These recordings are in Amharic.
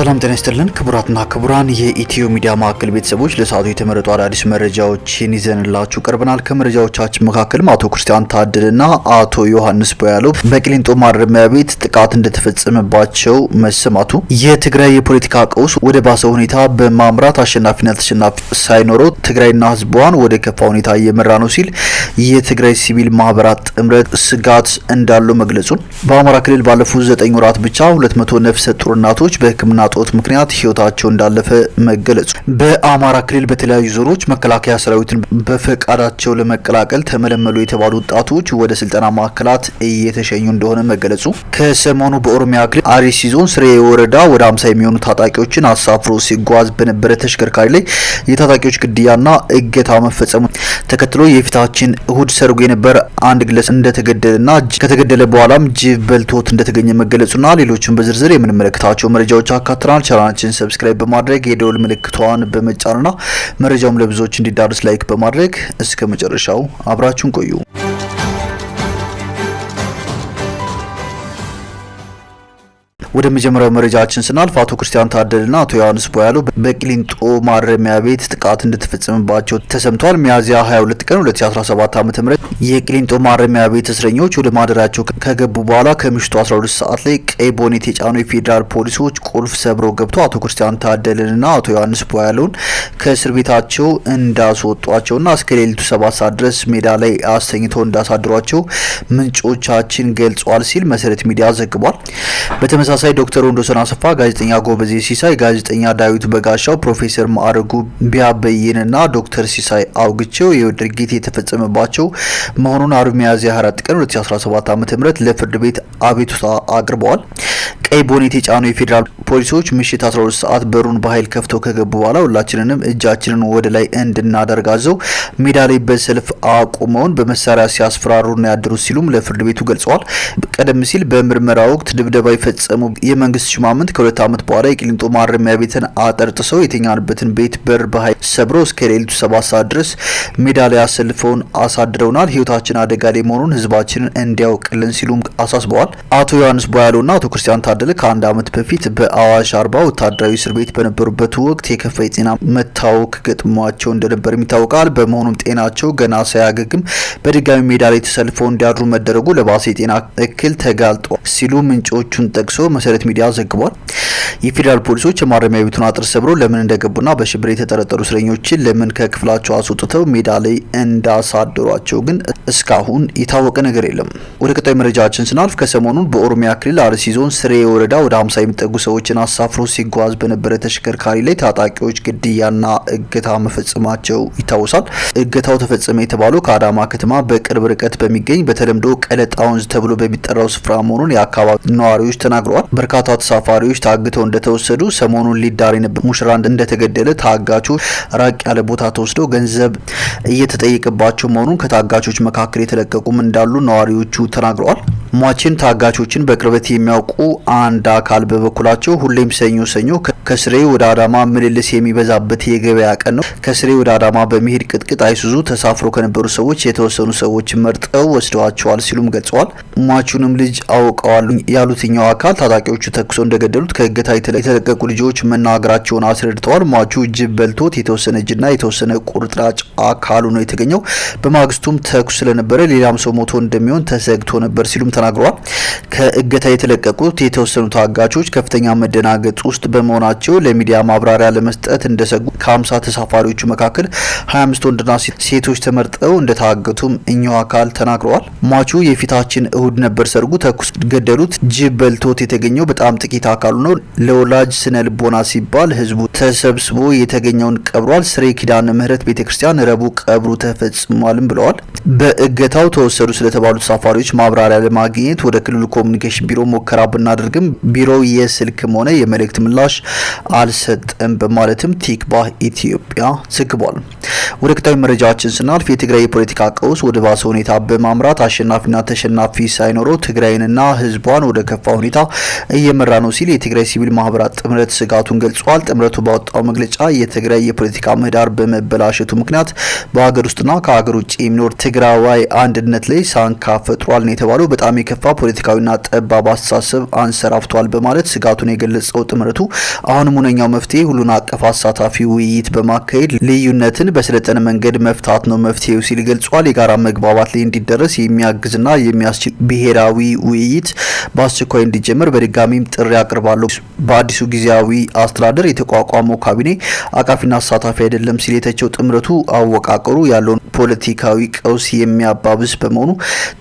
ሰላም ጤና ይስጥልን ክቡራትና ክቡራን የኢትዮ ሚዲያ ማዕከል ቤተሰቦች ለሰዓቱ የተመረጡ አዳዲስ መረጃዎችን ይዘንላችሁ ቀርበናል። ከመረጃዎቻችን መካከልም አቶ ክርስቲያን ታደልና አቶ ዮሐንስ ቦያሎ በቅሊንጦ ማረሚያ ቤት ጥቃት እንደተፈጸመባቸው መሰማቱ፣ የትግራይ የፖለቲካ ቀውስ ወደ ባሰ ሁኔታ በማምራት አሸናፊና ተሸናፊ ሳይኖረው ትግራይና ሕዝቧን ወደ ከፋ ሁኔታ እየመራ ነው ሲል የትግራይ ሲቪል ማህበራት ጥምረት ስጋት እንዳለው መግለጹን፣ በአማራ ክልል ባለፉት ዘጠኝ ወራት ብቻ ሁለት መቶ ነፍሰ ጡር እናቶች በህክምና። እጦት ምክንያት ህይወታቸው እንዳለፈ መገለጹ። በአማራ ክልል በተለያዩ ዞኖች መከላከያ ሰራዊትን በፈቃዳቸው ለመቀላቀል ተመለመሉ የተባሉ ወጣቶች ወደ ስልጠና ማዕከላት እየተሸኙ እንደሆነ መገለጹ። ከሰሞኑ በኦሮሚያ ክልል አርሲ ዞን ስሬ ወረዳ ወደ አምሳ የሚሆኑ ታጣቂዎችን አሳፍሮ ሲጓዝ በነበረ ተሽከርካሪ ላይ የታጣቂዎች ግድያና እገታ መፈጸሙ ተከትሎ የፊታችን እሁድ ሰርጎ የነበረ አንድ ግለሰብ እንደተገደለና ከተገደለ በኋላም ጅብ በልቶት እንደተገኘ መገለጹና ሌሎችም በዝርዝር የምንመለከታቸው መረጃዎች አካ። አበረታትናል። ቻናችን ሰብስክራይብ በማድረግ የደውል ምልክቷን በመጫንና መረጃውም ለብዙዎች እንዲዳርስ ላይክ በማድረግ እስከ መጨረሻው አብራችሁን ቆዩ። ወደ መጀመሪያው መረጃችን ስናልፍ አቶ ክርስቲያን ታደልና አቶ ዮሐንስ ቦያሎ በቅሊንጦ ማረሚያ ቤት ጥቃት እንደተፈጸመባቸው ተሰምቷል። ሚያዝያ 22 ቀን 2017 ዓ.ም የቅሊንጦ ማረሚያ ቤት እስረኞች ወደ ማደሪያቸው ከገቡ በኋላ ከምሽቱ 12 ሰዓት ላይ ቀይ ቦኔት የጫኑ የፌዴራል ፖሊሶች ቁልፍ ሰብረው ገብተው አቶ ክርስቲያን ታደልንና አቶ ዮሐንስ ቦያሎን ከእስር ቤታቸው እንዳስወጧቸውና እስከ ሌሊቱ ሰባት ሰዓት ድረስ ሜዳ ላይ አስተኝተው እንዳሳድሯቸው ምንጮቻችን ገልጿል ሲል መሰረት ሚዲያ ዘግቧል። በተመሳሳይ በተመሳሳይ ዶክተር ወንዶሰን አሰፋ፣ ጋዜጠኛ ጎበዜ ሲሳይ፣ ጋዜጠኛ ዳዊት በጋሻው፣ ፕሮፌሰር ማዕረጉ ቢያበይንና ዶክተር ሲሳይ አውግቸው ይህ ድርጊት የተፈጸመባቸው መሆኑን አርብ ሚያዝያ 24 ቀን 2017 ም ለፍርድ ቤት አቤቱታ አቅርበዋል። ቀይ ቦኔት የጫኑ የፌዴራል ፖሊሶች ምሽት 12 ሰዓት በሩን በኃይል ከፍተው ከገቡ በኋላ ሁላችንንም እጃችንን ወደ ላይ እንድናደርግ አዘው ሜዳ ላይ በሰልፍ አቁመውን በመሳሪያ ሲያስፈራሩና ያደሩት ሲሉም ለፍርድ ቤቱ ገልጸዋል። ቀደም ሲል በምርመራ ወቅት ድብደባ የፈጸሙ የመንግስት ሹማምንት ከሁለት ዓመት በኋላ የቅሊንጦ ማረሚያ ቤትን አጠርጥሰው የተኛንበትን ቤት በር በኃይል ሰብረው እስከ ሌሊቱ ሰባት ሰዓት ድረስ ሜዳ ላይ አሰልፈውን አሳድረውናል። ህይወታችን አደጋ ላይ መሆኑን ህዝባችንን እንዲያውቅልን ሲሉም አሳስበዋል። አቶ ዮሐንስ ቦያሎና አቶ ክርስቲያን ታደ አደል ከአንድ ዓመት በፊት በአዋሽ አርባ ወታደራዊ እስር ቤት በነበሩበት ወቅት የከፋ የጤና መታወክ ገጥሟቸው እንደነበር ይታወቃል። በመሆኑም ጤናቸው ገና ሳያገግም በድጋሚ ሜዳ ላይ ተሰልፈው እንዲያድሩ መደረጉ ለባሰ የጤና እክል ተጋልጧል ሲሉ ምንጮቹን ጠቅሶ መሰረት ሚዲያ ዘግቧል። የፌዴራል ፖሊሶች የማረሚያ ቤቱን አጥር ሰብሮ ለምን እንደገቡና በሽብር የተጠረጠሩ እስረኞችን ለምን ከክፍላቸው አስወጥተው ሜዳ ላይ እንዳሳደሯቸው ግን እስካሁን የታወቀ ነገር የለም። ወደ ቀጣይ መረጃችን ስናልፍ ከሰሞኑን በኦሮሚያ ክልል አርሲ ዞን ስሬ ወረዳ ወደ 50 የሚጠጉ ሰዎችን አሳፍሮ ሲጓዝ በነበረ ተሽከርካሪ ላይ ታጣቂዎች ግድያና እገታ መፈጸማቸው ይታወሳል። እገታው ተፈጸመ የተባለው ከአዳማ ከተማ በቅርብ ርቀት በሚገኝ በተለምዶ ቀለጣ ወንዝ ተብሎ በሚጠራው ስፍራ መሆኑን የአካባቢ ነዋሪዎች ተናግረዋል። በርካታ ተሳፋሪዎች ታግተው እንደተወሰዱ፣ ሰሞኑን ሊዳር የነበረ ሙሽራ እንደተገደለ፣ ታጋቾች ራቅ ያለ ቦታ ተወስደው ገንዘብ እየተጠየቀባቸው መሆኑን ከታጋቾች መካከል የተለቀቁም እንዳሉ ነዋሪዎቹ ተናግረዋል። ሟችን ታጋቾችን በቅርበት የሚያውቁ አንድ አካል በበኩላቸው ሁሌም ሰኞ ሰኞ ከስሬ ወደ አዳማ ምልልስ የሚበዛበት የገበያ ቀን ነው። ከስሬ ወደ አዳማ በመሄድ ቅጥቅጥ አይሱዙ ተሳፍሮ ከነበሩ ሰዎች የተወሰኑ ሰዎች መርጠው ወስደዋቸዋል ሲሉም ገልጸዋል። ሟቹንም ልጅ አውቀዋል ያሉትኛው አካል ታጣቂዎቹ ተኩሶ እንደገደሉት ከእገታ የተለቀቁ ልጆች መናገራቸውን አስረድተዋል። ሟቹ ጅብ በልቶት የተወሰነ እጅና የተወሰነ ቁርጥራጭ አካሉ ነው የተገኘው። በማግስቱም ተኩስ ስለነበረ ሌላም ሰው ሞቶ እንደሚሆን ተሰግቶ ነበር ሲሉም ተናግሯል። ከእገታ የተለቀቁት የተወሰኑ ታጋቾች ከፍተኛ መደናገጥ ውስጥ በመሆናቸው ለሚዲያ ማብራሪያ ለመስጠት እንደሰጉ ከ50 ተሳፋሪዎቹ መካከል 25 ወንድና ሴቶች ተመርጠው እንደታገቱም እኛው አካል ተናግረዋል። ሟቹ የፊታችን እሁድ ነበር ሰርጉ ተኩስ ገደሉት። ጅብ በልቶት የተገኘው በጣም ጥቂት አካሉ ነው። ለወላጅ ስነ ልቦና ሲባል ህዝቡ ተሰብስቦ የተገኘውን ቀብሯል። ስሬ ኪዳነ ምህረት ቤተ ክርስቲያን ረቡዕ ቀብሩ ተፈጽሟልም ብለዋል። በእገታው ተወሰዱ ስለተባሉ ተሳፋሪዎች ማብራሪያ ለማ ለማግኘት ወደ ክልሉ ኮሚኒኬሽን ቢሮ ሞከራ ብናደርግም ቢሮው የስልክም ሆነ የመልእክት ምላሽ አልሰጥም በማለትም ቲክባህ ኢትዮጵያ ዘግቧል። ወደ ክታዊ መረጃዎችን ስናልፍ የትግራይ የፖለቲካ ቀውስ ወደ ባሰ ሁኔታ በማምራት አሸናፊና ተሸናፊ ሳይኖረው ትግራይንና ህዝቧን ወደ ከፋ ሁኔታ እየመራ ነው ሲል የትግራይ ሲቪል ማህበራት ጥምረት ስጋቱን ገልጿል። ጥምረቱ ባወጣው መግለጫ የትግራይ የፖለቲካ ምህዳር በመበላሸቱ ምክንያት በሀገር ውስጥና ከሀገር ውጭ የሚኖር ትግራዋይ አንድነት ላይ ሳንካ ፈጥሯል ነው የተባለው። በጣም የከፋ ፖለቲካዊና ጠባብ አስተሳሰብ አንሰራፍቷል በማለት ስጋቱን የገለጸው ጥምረቱ አሁንም ሁነኛው መፍትሄ ሁሉን አቀፍ አሳታፊ ውይይት በማካሄድ ልዩነትን በስለጠነ መንገድ መፍታት ነው መፍትሄው ሲል ገልጿል። የጋራ መግባባት ላይ እንዲደረስ የሚያግዝና የሚያስችል ብሔራዊ ውይይት በአስቸኳይ እንዲጀመር በድጋሚም ጥሪ አቅርባለሁ። በአዲሱ ጊዜያዊ አስተዳደር የተቋቋመው ካቢኔ አቃፊና አሳታፊ አይደለም ሲል የተቸው ጥምረቱ አወቃቀሩ ያለውን ፖለቲካዊ ቀውስ የሚያባብስ በመሆኑ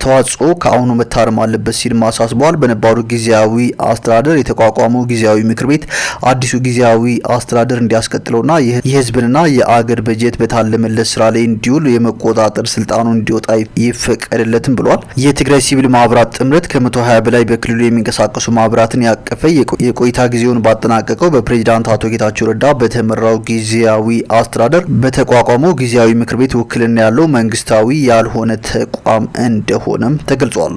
ተዋጽኦ ከአሁኑ መታረ መፈረም አለበት ሲልም አሳስበዋል። በነባሩ ጊዜያዊ አስተዳደር የተቋቋመው ጊዜያዊ ምክር ቤት አዲሱ ጊዜያዊ አስተዳደር እንዲያስቀጥለውና የህዝብንና የአገር በጀት በታለመለት ስራ ላይ እንዲውል የመቆጣጠር ስልጣኑ እንዲወጣ ይፈቀድለትም ብሏል። የትግራይ ሲቪል ማህበራት ጥምረት ከ120 በላይ በክልሉ የሚንቀሳቀሱ ማህበራትን ያቀፈ የቆይታ ጊዜውን ባጠናቀቀው በፕሬዚዳንት አቶ ጌታቸው ረዳ በተመራው ጊዜያዊ አስተዳደር በተቋቋመው ጊዜያዊ ምክር ቤት ውክልና ያለው መንግስታዊ ያልሆነ ተቋም እንደሆነም ተገልጿል።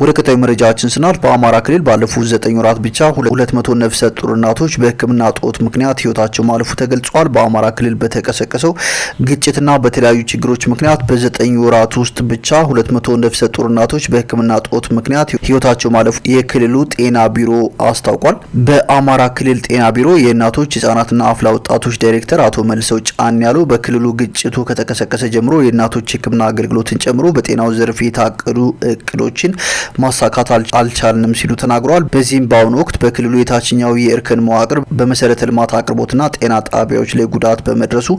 ወደ ከተማ መረጃዎችን ስናል በአማራ ክልል ባለፉት ዘጠኝ ወራት ብቻ ሁለት መቶ ነፍሰ ጡር እናቶች በሕክምና ጦት ምክንያት ህይወታቸው ማለፉ ተገልጿል። በአማራ ክልል በተቀሰቀሰው ግጭትና በተለያዩ ችግሮች ምክንያት በዘጠኝ ወራት ውስጥ ብቻ ሁለት መቶ ነፍሰ ጡር እናቶች በሕክምና ጦት ምክንያት ህይወታቸው ማለፉ የክልሉ ጤና ቢሮ አስታውቋል። በአማራ ክልል ጤና ቢሮ የእናቶች ህጻናትና አፍላ ወጣቶች ዳይሬክተር አቶ መልሰው ጫን ያሉ በክልሉ ግጭቱ ከተቀሰቀሰ ጀምሮ የእናቶች ሕክምና አገልግሎትን ጨምሮ በጤናው ዘርፍ የታቀዱ እቅዶችን ማሳካት አልቻልንም ሲሉ ተናግረዋል። በዚህም በአሁኑ ወቅት በክልሉ የታችኛው የእርከን መዋቅር በመሰረተ ልማት አቅርቦትና ጤና ጣቢያዎች ላይ ጉዳት በመድረሱ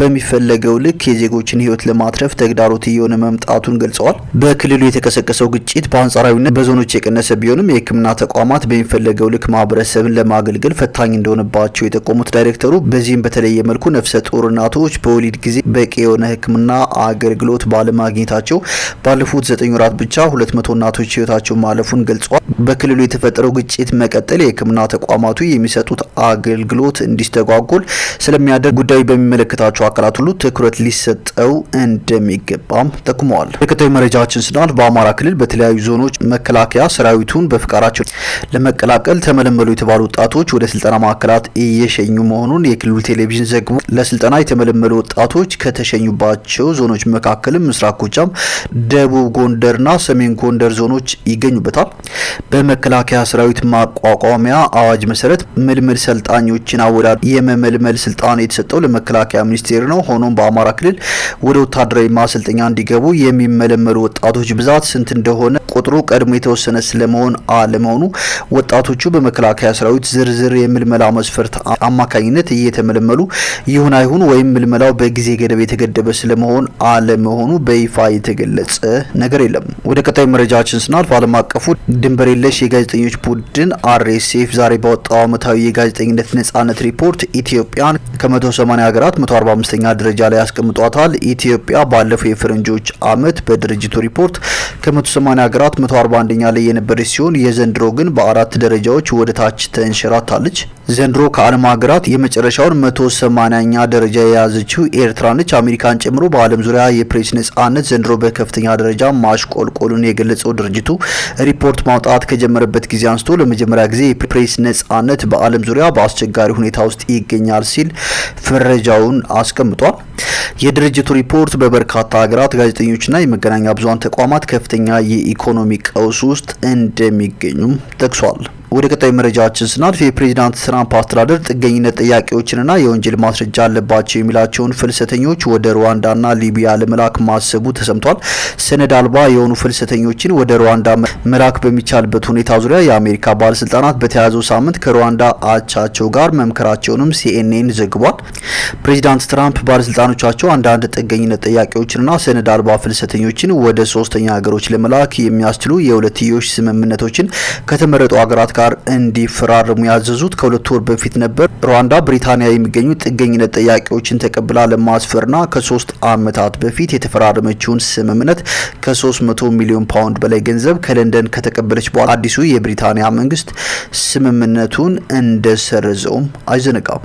በሚፈለገው ልክ የዜጎችን ህይወት ለማትረፍ ተግዳሮት እየሆነ መምጣቱን ገልጸዋል። በክልሉ የተቀሰቀሰው ግጭት በአንጻራዊነት በዞኖች የቀነሰ ቢሆንም የህክምና ተቋማት በሚፈለገው ልክ ማህበረሰብን ለማገልገል ፈታኝ እንደሆነባቸው የጠቆሙት ዳይሬክተሩ በዚህም በተለየ መልኩ ነፍሰ ጡር እናቶች በወሊድ ጊዜ በቂ የሆነ ህክምና አገልግሎት ባለማግኘታቸው ባለፉት ዘጠኝ ወራት ብቻ ሁለት መቶ እናቶች ወጣቶች ህይወታቸው ማለፉን ገልጸዋል። በክልሉ የተፈጠረው ግጭት መቀጠል የህክምና ተቋማቱ የሚሰጡት አገልግሎት እንዲስተጓጎል ስለሚያደርግ ጉዳዩ በሚመለከታቸው አካላት ሁሉ ትኩረት ሊሰጠው እንደሚገባም ጠቁመዋል። ተከታዩ መረጃችን ስናል በአማራ ክልል በተለያዩ ዞኖች መከላከያ ሰራዊቱን በፍቃራቸው ለመቀላቀል ተመለመሉ የተባሉ ወጣቶች ወደ ስልጠና ማዕከላት እየሸኙ መሆኑን የክልሉ ቴሌቪዥን ዘግቦ ለስልጠና የተመለመሉ ወጣቶች ከተሸኙባቸው ዞኖች መካከልም ምስራቅ ጎጃም፣ ደቡብ ጎንደርና ሰሜን ጎንደር ዞ ዞኖች ይገኙበታል። በመከላከያ ሰራዊት ማቋቋሚያ አዋጅ መሰረት ምልምል ሰልጣኞችን አወዳድ የመመልመል ስልጣን የተሰጠው ለመከላከያ ሚኒስቴር ነው። ሆኖም በአማራ ክልል ወደ ወታደራዊ ማሰልጠኛ እንዲገቡ የሚመለመሉ ወጣቶች ብዛት ስንት እንደሆነ ቁጥሩ ቀድሞ የተወሰነ ስለመሆን አለመሆኑ ወጣቶቹ በመከላከያ ሰራዊት ዝርዝር የምልመላ መስፈርት አማካኝነት እየተመለመሉ ይሁን አይሁን ወይም ምልመላው በጊዜ ገደብ የተገደበ ስለመሆን አለመሆኑ በይፋ የተገለጸ ነገር የለም። ወደ ቀጣዩ መረጃችን ስናልፍ ዓለም አቀፉ ድንበር የለሽ የጋዜጠኞች ቡድን አርኤስኤፍ ዛሬ ባወጣው ዓመታዊ የጋዜጠኝነት ነጻነት ሪፖርት ኢትዮጵያን ከ180 ሀገራት 145ኛ ደረጃ ላይ ያስቀምጧታል። ኢትዮጵያ ባለፈው የፈረንጆች ዓመት በድርጅቱ ሪፖርት ከ180 ሀገራት 141ኛ ላይ የነበረች ሲሆን የዘንድሮ ግን በአራት ደረጃዎች ወደ ታች ተንሸራታለች። ዘንድሮ ከዓለም ሀገራት የመጨረሻውን 180ኛ ደረጃ የያዘችው ኤርትራ ነች። አሜሪካን ጨምሮ በዓለም ዙሪያ የፕሬስ ነጻነት ዘንድሮ በከፍተኛ ደረጃ ማሽቆልቆ ማሽቆልቆሉን የገለጸው ድርጅቱ ሪፖርት ማውጣት ከጀመረበት ጊዜ አንስቶ ለመጀመሪያ ጊዜ የፕሬስ ነጻነት በዓለም ዙሪያ በአስቸጋሪ ሁኔታ ውስጥ ይገኛል ሲል መረጃውን አስቀምጧል። የድርጅቱ ሪፖርት በበርካታ ሀገራት ጋዜጠኞችና የመገናኛ ብዙን ተቋማት ከፍተኛ የኢኮኖሚ ቀውስ ውስጥ እንደሚገኙም ጠቅሷል። ወደ ቀጣይ መረጃችን ስናልፍ የፕሬዚዳንት ትራምፕ አስተዳደር ጥገኝነት ጥያቄዎችንና የወንጀል ማስረጃ አለባቸው የሚላቸውን ፍልሰተኞች ወደ ሩዋንዳና ሊቢያ ለመላክ ማሰቡ ተሰምቷል። ሰነድ አልባ የሆኑ ፍልሰተኞችን ወደ ሩዋንዳ መላክ በሚቻልበት ሁኔታ ዙሪያ የአሜሪካ ባለስልጣናት በተያያዘው ሳምንት ከሩዋንዳ አቻቸው ጋር መምከራቸውንም ሲኤንኤን ዘግቧል። ፕሬዚዳንት ትራምፕ ባለስልጣ ባለስልጣኖቻቸው አንዳንድ ጥገኝነት ጠያቂዎችንና ሰነድ አልባ ፍልሰተኞችን ወደ ሶስተኛ ሀገሮች ለመላክ የሚያስችሉ የሁለትዮሽ ስምምነቶችን ከተመረጡ ሀገራት ጋር እንዲፈራረሙ ያዘዙት ከሁለት ወር በፊት ነበር። ሩዋንዳ ብሪታንያ የሚገኙ ጥገኝነት ጠያቄዎችን ተቀብላ ለማስፈርና ከሶስት አመታት በፊት የተፈራረመችውን ስምምነት ከ300 ሚሊዮን ፓውንድ በላይ ገንዘብ ከለንደን ከተቀበለች በኋላ አዲሱ የብሪታንያ መንግስት ስምምነቱን እንደሰረዘውም አይዘነጋም።